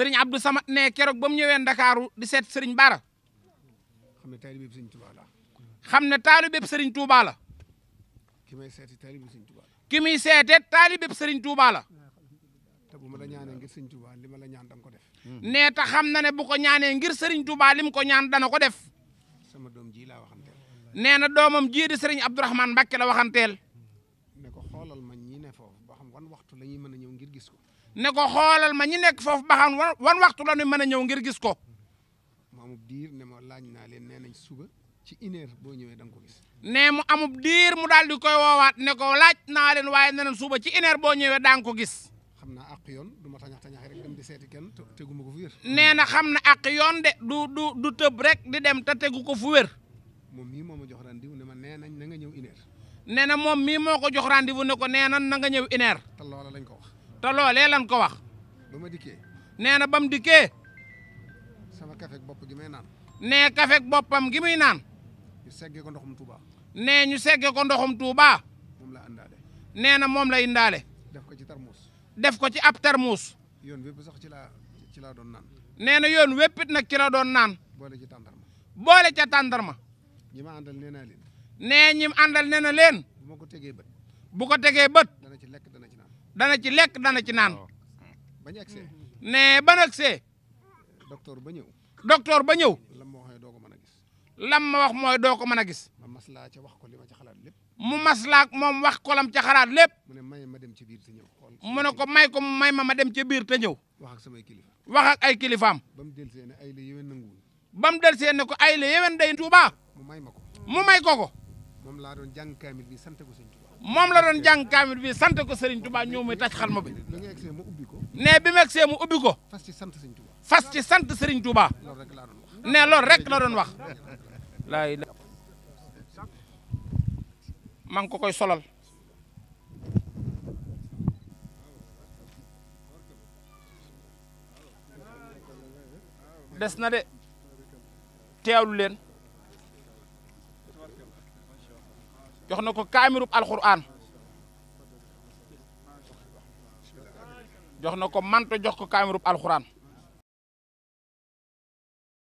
sëriñ Abdou Samad ne keroog ba ñëwee Ndakaaru di seet sëriñ Baara xam ne taalibe bi sëriñ Touba la. xam ne taalibe bi sëriñ Touba la. ki muy seete taalibe bi sëriñ Touba la. ki muy sëriñ Touba la. te bu ma la li ma la ñaan dama ko def. Hmm. nee ta xam na ne bu ko ñaanee ngir sëriñ Touba lim ko ñaan dana ko def. sama doom ji laa waxanteel. nee na doomam ji di sëriñ Abdourahmane Mbacké la waxanteel. ne ko xoolal ma ñi ne foofu waxtu la mën a ñëw ngir gis ne ko xoolal ma ñi nekk foofu ba xam wan waxtu la ñu mën a ñëw ngir gis ko. mu amub diir ne ma laaj naa leen nee nañ suba ci une heure boo ñëwee da ko gis. ne mu amub diir mu daal di koy woowaat ne ko laaj naa leen waaye nee nañ suba ci une heure boo ñëwee gis. xam naa àq yoon du ma ta tañax rek dem seeti ken te tegu ma ko fu wér. nee na xam na àq yoon de du du du tëb rek di dem te tegu ko fu wér. moom mii moo ma jox rendez-vous ne ma nee nañ na nga ñëw une heure. nee na moom mii moo ko jox rendez-vous ne ko nee nañ na nga ñëw une te loola lañ ko te loole lan ko wax. ba ma dikkee. nee na ba mu dikkee. sama kafek bopp gi may naan. nee kafek boppam gi may naan. ñu seggee ko ndoxum Touba. nee ñu seggee ko ndoxum Touba. moom la indaale. nee na moom la indaale. def ko ci tarmuus. def ko ci ab tarmuus. yoon wépp sax ci laa ci laa doon naan. nee na yoon wépp nag ci la doon naan. boole ci tàndarma. boole ca tàndarma. ma àndal nee naa leen. nee ñi àndal nee na leen. bu ko tegee bët. bu ko tegee bët. ci lekk dana ci lekk dana ci naan. Oh. bañ agsee. ne ban agsee. docteur ba ñëw. docteur ba ñëw. lam ma wax doo ko mën a gis. ma wax doo ko mën a gis. ma maslaa ca wax ko li ma ca xalaat lépp. mu maslaa moom wax ko lam ca xalaat lépp. mu ne may ma dem ca biir te ñëw. mu ne ko may ko may ma ma dem ca biir te wax ak samay kilifa. wax ay kilifaam. ba mu delsee ne ay la yewen nanguwul. ba mu delsee ne ko ay la yewen day Tuuba. mu may ma ko. mu may ko ko. moom laa doon jàng kaamil bi sant ko sëñ moom la doon jàng kaamil bi sant ko Serigne Touba ñoo muy xal xalma bi ne bi mu egsee mu ubbi ko fas ci sant Serigne Touba fas ci sant Serigne Touba ne loolu rek la doon wax. laay ngi ko koy solal des na de teewlu leen. jox na ko kaamilub alxuraan jox na ko manto jox ko kaamilub alxuraan